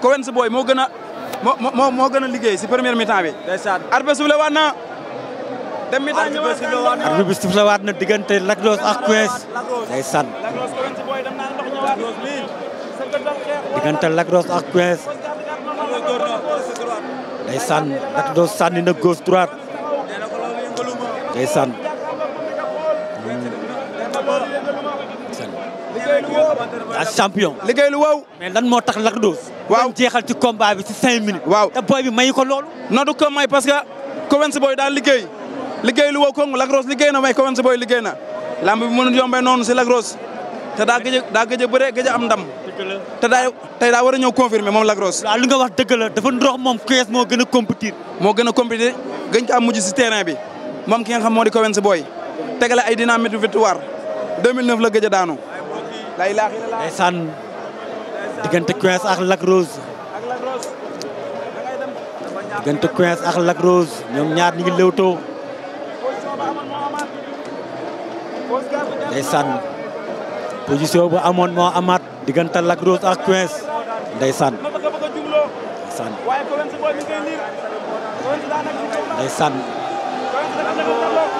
Coen si booy moo gën a gën a liggéey si première mi bi. ndeysaan arbitre suuf na. dem bi suuf na diggante Lac Rose ak Coen. ndeysaan diggante Lac Rose ak Coen. ndeysaan Lac Rose sànni na gauche droite. Sène. liggéey lu wow. champion. liggéey lu wow. lan moo tax Lac Rose. waaw jeexal ci combat bi ci cinq minutes. waaw te booy bi mayu ko loolu. non du ko may parce que Covence booy daal liggéey liggéey lu wow kong lagros Rose liggéey na may Covence booy liggéey na. lamb bi mënul yombee noonu si Lac te daa gëj a daa gëj a bëre gëj am ndam. te daa tey daa war a ñëw confirmer moom Lac Rose. waaw li nga wax dëgg la dafa ndox moom kees moo gën a compétir. moo gën a compétir gën am mujj si terrain bi moom ki nga xam moo di Covence booy tegale ay dynamite victoire 2009 la gëj a daanu. lay laax la laax. diggante Quench ak Lac Rose. diggante Quench ak Lac Rose ñoom ñaar ñu ngi lewtoo. ndeysaan position bu amoon moo amaat diggante Lac Rose ak Quench ndeysaan. ndeysaan.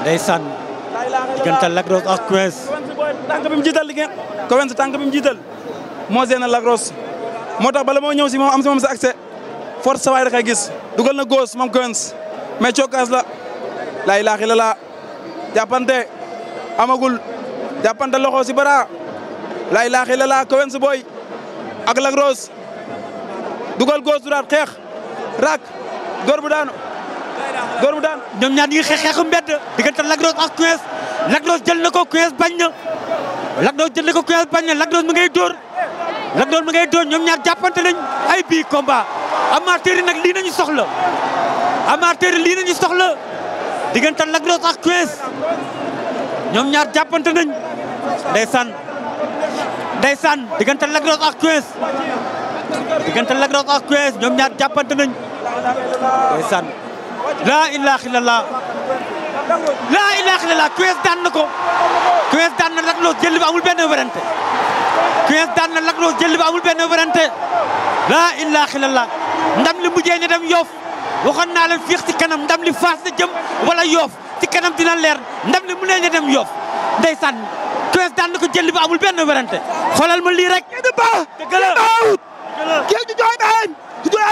ndeysaan. ndeysaan diggante Lac Rose ak Quench. tànk bi mu jiital li ngeen Coventry tànk bi mu jiital moo seen Lac Rose moo tax bala moo ñëw si moom am si sa waay da koy gis dugal na góos moom Coventry mais cokkaas la laay laaxi la laa jàppante amagul jàppante loxo si bara laay laaxi la laa Coventry booy ak Lac Rose dugal góos duraat xeex raak góor bu daanu góor bu daanu ñoom ñaar ñi ngi xeex xeexu mbedd diggante ak Quench Lac jël na ko Quench bañ na Lac Rose jël ko Quench bañ na Lac Rose ngay dóor Lac Rose mu ngay dóor ñoom ñaar jàppante lañ ay bii combat amateur yi nag lii nañu soxla amateur yi lii nañu soxla diggante Lac Rose ak Quench ñoom ñaar jàppante nañ ndeysaan ndeysaan diggante Lac Rose ak Quench diggante Lac Rose ak Quench ñoom ñaar jàppante nañ ndeysaan laa ilaaha laa ilaaha illallaah Quench daan na ko Quench daan na Lac Rose jël bi amul benn werante Quench daan na Lac Rose bi amul benn werante laa ilaaha illallaah ndam li mujjee ñu dem yoof waxoon naa leen fiix ci kanam ndam li faas na jëm wala yoof ci kanam dina leer ndam li mu nee ñu dem yoof ndeysaan Quench daan na ko jël bi amul benn werante xoolal ma lii rek. dëgg la dëgg la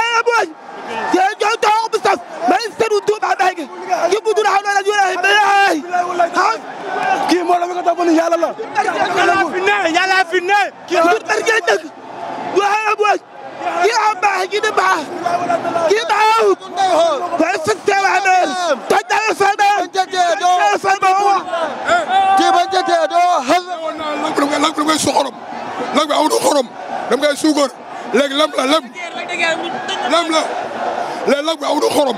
la ma ko topp ni yàlla la. yàlla fi ne yàlla fi ne. kii am dëgg waxee boog kii am baax kii di baax kii baaxut. waaye suñu teewaay doyal. toj na la sa doyal. toj na la sa doyal. kii ba njëkkee doo xel. lan la koy soxorom lan la amatu xorom dam koy suukar léegi lem la lem. lem la léegi lan la amatu xorom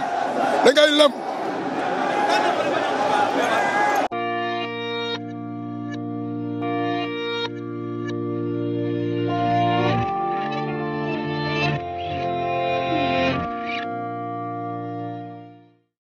da ngay lem.